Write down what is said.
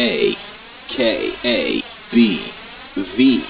A K A B V